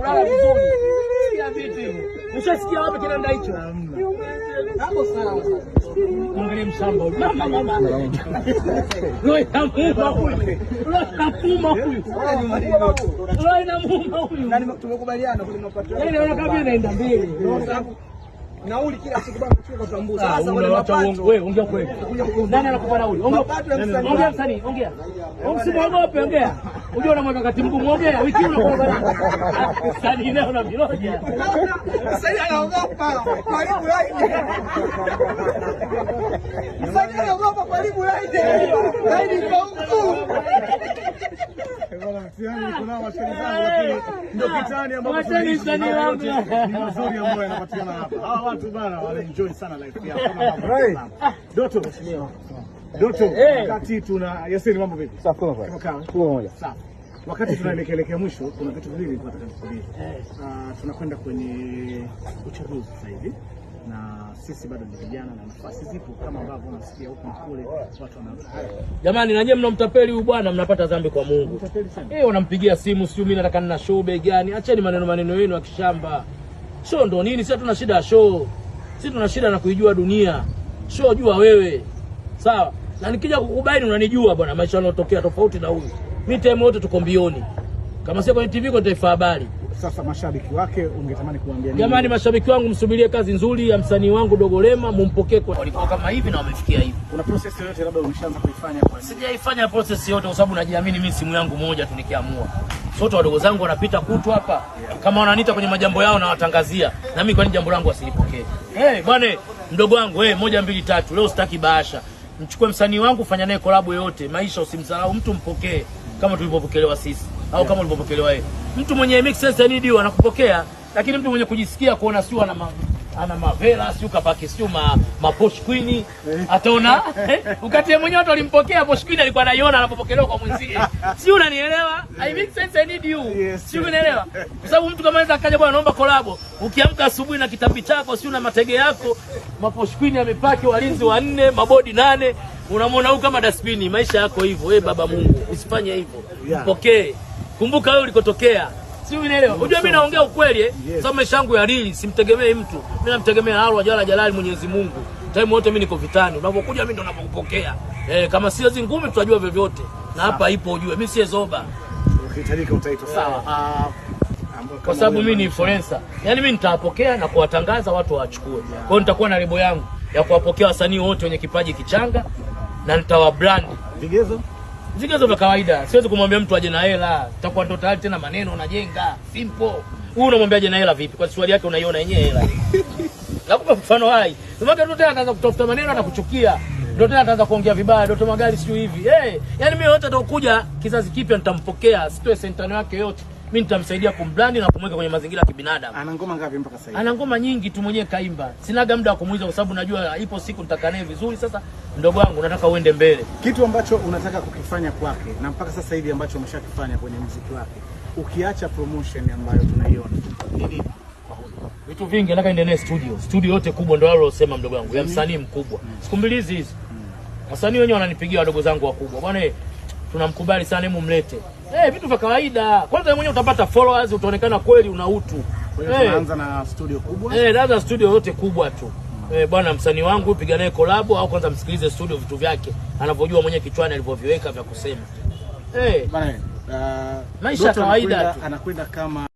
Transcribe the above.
kulala vizuri. Sikia vitu nishasikia wapi kinanda hicho hapo sawa. Angalia mshamba huyu, mama mama, roho inamuuma huyu, roho inamuuma huyu, roho inamuuma huyu. Na yaani tumekubaliana kule mapatano, yani yaani naona kama inaenda mbele nauli kila siku bwana kuchukua kutambuza. Sasa ah, wale mapato wewe ongea kweli. Nani anakupa nauli? Ongea. Ongea msanii, ongea. Msimuogope, ongea. Unajua na mwana katibu mwogea wiki unakuwa bana. Sasa ni leo na viroja Sasa anaogopa. Karibu laini. Sasa anaogopa karibu kwa huku. Doto mheshimiwa. Doto, eh. wakati tuna Yasin, mambo vipi? Sawa, kwa moja. Wakati tunaelekelekea mwisho, kuna vitu viwili nilikuwa nataka nikwambie. Uh, eh. ah, tunakwenda kwenye uchaguzi sasa hivi na sisi bado ni vijana na nafasi zipo kama ambavyo unasikia huko kule watu wana. Jamani, na nyie mtapeli huyu bwana, mnapata dhambi kwa Mungu. Mtapeli Eh, wanampigia simu sio mimi nataka nina show bei gani? Acheni maneno maneno yenu ya kishamba. Show ndo nini? Sisi tuna shida ya show. Sisi tuna shida na kuijua dunia. Show jua wewe. Sawa? na nikija kukubaini unanijua bwana, maisha yanayotokea tofauti na huyu. Mi time wote tuko mbioni, kama sio kwenye TV kwa Taifa Habari. Sasa mashabiki wake ungetamani kuambia nini? Jamani, mashabiki wangu msubirie kazi nzuri ya msanii wangu Dogo Lema, mumpokee kwa walikuwa kama hivi na wamefikia hivi. Kuna process yoyote labda umeshaanza kuifanya? Kwa sijaifanya process yote, kwa sababu najiamini mimi, simu yangu moja tu nikiamua sote wadogo zangu wanapita kutu hapa, kama wananiita kwenye majambo yao nawatangazia, na mimi kwa nini jambo langu wasilipokee? Hey, eh, bwana mdogo wangu, hey, eh, moja mbili tatu, leo sitaki bahasha mchukue msanii wangu, fanya naye collab yoyote. Maisha usimsahau mtu, mpokee kama tulivyopokelewa sisi au yeah. kama ulivyopokelewa yeye. Mtu mwenye mix sense anakupokea, lakini mtu mwenye kujisikia kuona sio ana ana mavela si ukapaki si ma, ma posh Queen ataona eh? eh? ukati mwenye watu alimpokea posh Queen alikuwa anaiona anapopokelewa kwa mwenzie si unanielewa i make sense i need you yes. si unanielewa kwa sababu mtu kama anaweza akaja bwana naomba kolabo ukiamka asubuhi na kitambi chako si una matege yako ma posh Queen amepaki walinzi wanne mabodi nane unamwona huko kama dustbin maisha yako hivyo wewe baba Mungu usifanye hivyo yeah. mpokee kumbuka wewe ulikotokea si unaelewa? Unajua mimi naongea ukweli eh? Yes. maisha yangu ya rili simtegemei mtu. Mimi namtegemea Allah jalla jalali Mwenyezi Mungu. Time wote mimi niko vitani. Unapokuja mimi ndo napokupokea. Eh, kama siwezi ngumi tutajua vyovyote. Na hapa ipo ujue. Mimi siye zoba. Ukihitajika utaitwa. Sawa. Ah. Ah, Kwa sababu mimi ni influencer. Yaani mimi nitawapokea na kuwatangaza watu wawachukue. Yeah. Kwa hiyo nitakuwa na lebo yangu ya kuwapokea wasanii wote wenye kipaji kichanga na nitawabrand. Vigezo? vigezo vya kawaida. Siwezi kumwambia mtu aje na hela, tutakuwa ndo tayari tena maneno unajenga simple. Huyu unamwambia aje na hela vipi? Kwa swali yake unaiona yenyewe hela. Nakupa mfano hai. Maana ndo tena anaanza kutafuta maneno atakuchukia. Ndo tena anaanza kuongea vibaya, ndo magari sio hivi. Eh, hey, yani mimi yote kuja kizazi kipya nitampokea, sitoe sentano yake yote mimi nitamsaidia kumblandi na kumweka kwenye mazingira ya kibinadamu. Ana ngoma ngapi mpaka sasa Ana ngoma nyingi tu, mwenyewe kaimba. Sinaga muda wa kumuuliza kwa sababu najua ipo siku nitakaa naye vizuri. Sasa mdogo wangu, nataka uende mbele. Kitu ambacho unataka kukifanya kwake na mpaka sasa hivi ambacho umeshakifanya kwenye muziki wake, ukiacha promotion ambayo tunaiona nini? Vitu vingi nataka niende naye studio, studio yote kubwa, ndio alo sema mdogo wangu, ya msanii mkubwa. Mm. Siku mbili hizi hizi mm. wasanii wenyewe wananipigia wadogo zangu wakubwa, bwana tunamkubali sana, hemu mlete Eh, vitu vya kawaida. Kwanza wewe mwenyewe utapata followers, utaonekana kweli una utu. Eh. Tunaanza na studio kubwa. Eh, naanza studio yote kubwa tu. Eh, bwana msanii wangu piga naye collab au kwanza msikilize studio vitu vyake anavyojua mwenyewe kichwani alivyoviweka vya kusema. Eh, bwana, uh, eh, maisha kawaida tu. Anakwenda kama